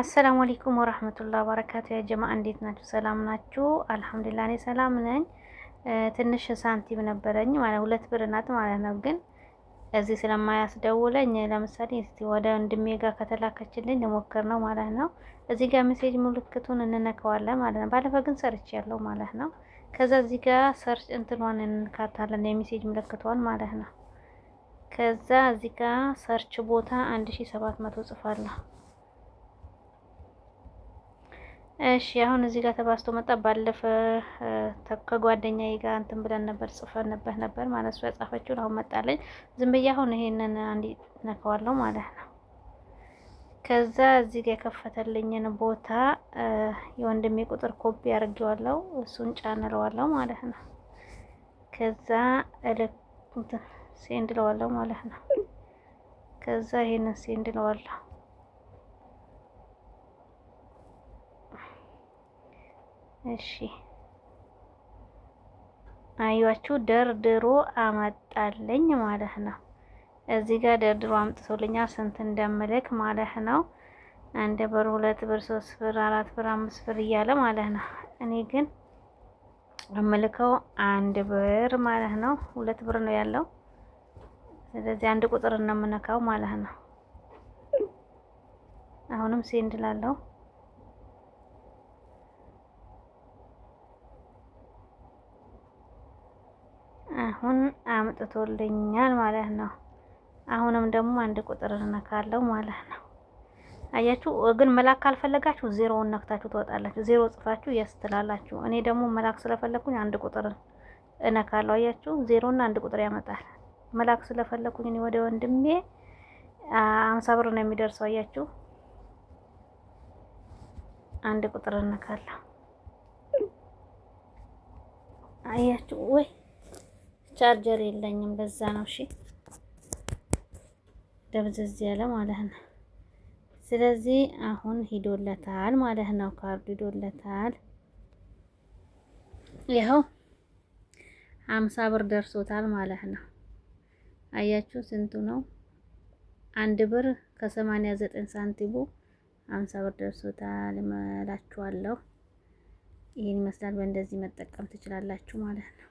አሰላሙ አለይኩም ወራህመቱላሂ ወበረካቱ። ያ ጀማ እንዴት ናችሁ? ሰላም ናችሁ? አልሐምዱሊላህ እኔ ሰላም ነኝ። ትንሽ ሳንቲም ነበረኝ ማለት ሁለት ብር ናት ማለት ነው። ግን እዚህ ስለማያስደውለኝ ለምሳሌ እስቲ ወደ ወንድሜ ጋር ከተላከችልኝ ልሞክር ነው ማለት ነው። እዚህ ጋር ሜሴጅ ምልክቱን እንነከዋለን ማለት ነው። ባለፈ ግን ሰርች ያለው ማለት ነው። ከዛ እዚህ ጋር ሰርች እንትኗን እንካታለን የሜሴጅ ምልክቷን ማለት ነው። ከዛ እዚህ ጋር ሰርች ቦታ 1700 ጽፋለሁ እሺ አሁን እዚህ ጋር ተባስቶ መጣ። ባለፈ ከጓደኛዬ ጋር እንትን ብለን ነበር ጽፈንበት ነበር ማለት እሱ ያጻፈችውን አሁን መጣለኝ። ዝም ብዬ አሁን ይሄንን አንድ ነካዋለሁ ማለት ነው። ከዛ እዚህ ጋር የከፈተልኝን ቦታ የወንድሜ ቁጥር ኮፒ አድርጌዋለሁ። እሱን ጫን ማለት ነው። ከዛ ሴንድ እለዋለሁ ማለት ነው። ከዛ ይሄንን ሴንድለዋለሁ እሺ አያችሁ ደርድሮ አመጣልኝ ማለት ነው። እዚህ ጋር ደርድሮ አምጥቶልኛል ስንት እንደምልክ ማለት ነው። አንድ ብር፣ ሁለት ብር፣ ሶስት ብር፣ አራት ብር፣ አምስት ብር እያለ ማለት ነው። እኔ ግን የምልከው አንድ ብር ማለት ነው። ሁለት ብር ነው ያለው። ስለዚህ አንድ ቁጥር እንደምነካው ማለት ነው። አሁንም ሴንድ ላለው አሁን አምጥቶልኛል ማለት ነው። አሁንም ደግሞ አንድ ቁጥር እነካለሁ ማለት ነው። አያችሁ ግን መላክ ካልፈለጋችሁ ዜሮውን ነክታችሁ ትወጣላችሁ። ዜሮ ጽፋችሁ የስ ትላላችሁ እኔ ደግሞ መላክ ስለፈለኩኝ አንድ ቁጥር እነካለሁ። አያችሁ ዜሮና አንድ ቁጥር ያመጣል። መላክ ስለፈለኩኝ እኔ ወደ ወንድሜ አምሳ ብር ነው የሚደርሰው። አያችሁ አንድ ቁጥር እነካለሁ። አያችሁ ወይ ቻርጀር የለኝም። በዛ ነው እሺ፣ ደብዘዝ ያለ ማለት ነው። ስለዚህ አሁን ሂዶለታል ማለት ነው። ካርዱ ሂዶለታል። ይኸው አምሳ ብር ደርሶታል ማለት ነው። አያችሁ ስንቱ ነው? አንድ ብር ከሰማንያ ዘጠኝ ሳንቲሙ አምሳ ብር ደርሶታል እላችኋለሁ። ይህን ይመስላል። በእንደዚህ መጠቀም ትችላላችሁ ማለት ነው።